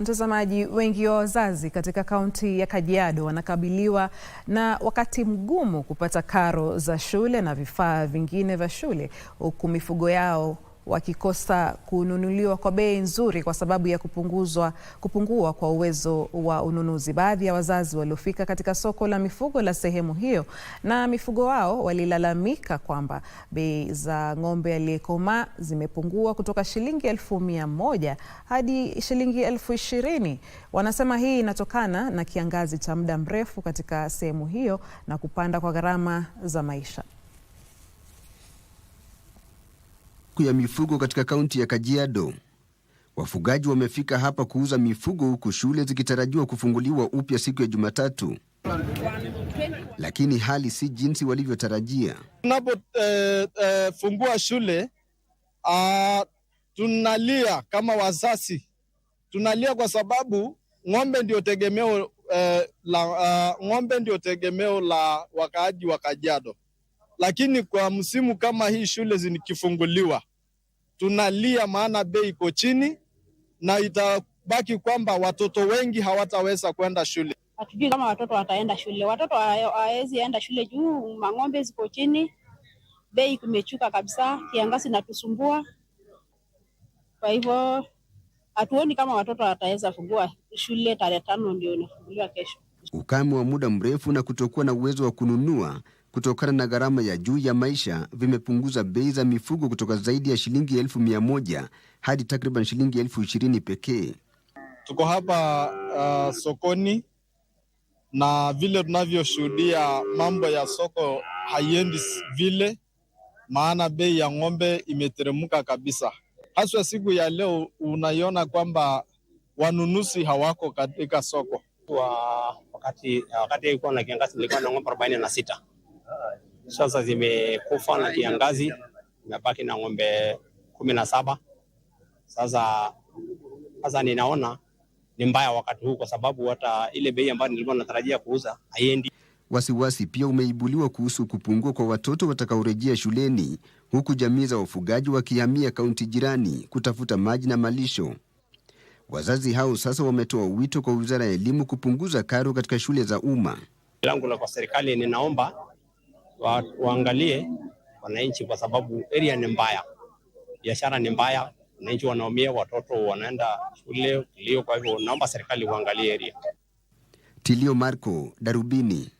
Mtazamaji, wengi wa wazazi katika kaunti ya Kajiado wanakabiliwa na wakati mgumu kupata karo za shule na vifaa vingine vya shule huku mifugo yao wakikosa kununuliwa kwa bei nzuri kwa sababu ya kupunguzwa, kupungua kwa uwezo wa ununuzi. Baadhi ya wazazi waliofika katika soko la mifugo la sehemu hiyo na mifugo wao walilalamika kwamba bei za ng'ombe aliyekomaa zimepungua kutoka shilingi elfu mia moja hadi shilingi elfu ishirini. Wanasema hii inatokana na kiangazi cha muda mrefu katika sehemu hiyo na kupanda kwa gharama za maisha. siku ya mifugo katika kaunti ya Kajiado. Wafugaji wamefika hapa kuuza mifugo huku shule zikitarajiwa kufunguliwa upya siku ya Jumatatu, lakini hali si jinsi walivyotarajia. Tunapofungua eh, eh, shule ah, tunalia kama wazazi, tunalia kwa sababu ng'ombe ndio tegemeo eh, la uh, ng'ombe ndio tegemeo la wakaaji wa Kajiado lakini kwa msimu kama hii shule zikifunguliwa tunalia, maana bei iko chini na itabaki kwamba watoto wengi hawataweza kwenda shule. Hatujui kama watoto wataenda shule, watoto hawezi enda shule juu mang'ombe ziko chini, bei kumechuka kabisa, kiangazi natusumbua. Kwa hivyo hatuoni kama watoto wataweza fungua shule. Tarehe tano ndio inafunguliwa kesho. Ukame wa muda mrefu na kutokuwa na uwezo wa kununua kutokana na gharama ya juu ya maisha vimepunguza bei za mifugo kutoka zaidi ya shilingi elfu mia moja hadi takriban shilingi elfu ishirini pekee. Tuko hapa uh, sokoni na vile tunavyoshuhudia mambo ya soko haiendi vile, maana bei ya ng'ombe imeteremka kabisa. Haswa siku ya leo unaiona kwamba wanunuzi hawako katika soko. wakati, uh, wakati ilikuwa na kiangazi nilikuwa na ng'ombe arobaini na sita sasa zimekufa na kiangazi, imebaki na ng'ombe kumi na saba. Sasa sasa ninaona ni mbaya wakati huu, kwa sababu hata ile bei ambayo nilikuwa natarajia kuuza haiendi. Wasiwasi pia umeibuliwa kuhusu kupungua kwa watoto watakaorejea shuleni, huku jamii za wafugaji wakihamia kaunti jirani kutafuta maji na malisho. Wazazi hao sasa wametoa wito kwa wizara ya elimu kupunguza karo katika shule za umma. Langu la kwa serikali, ninaomba wa, waangalie wananchi, kwa sababu area ni mbaya, biashara ni mbaya, wananchi wanaumia, watoto wanaenda shule kilio. Kwa hivyo naomba serikali waangalie area. Tilio Marco, Darubini.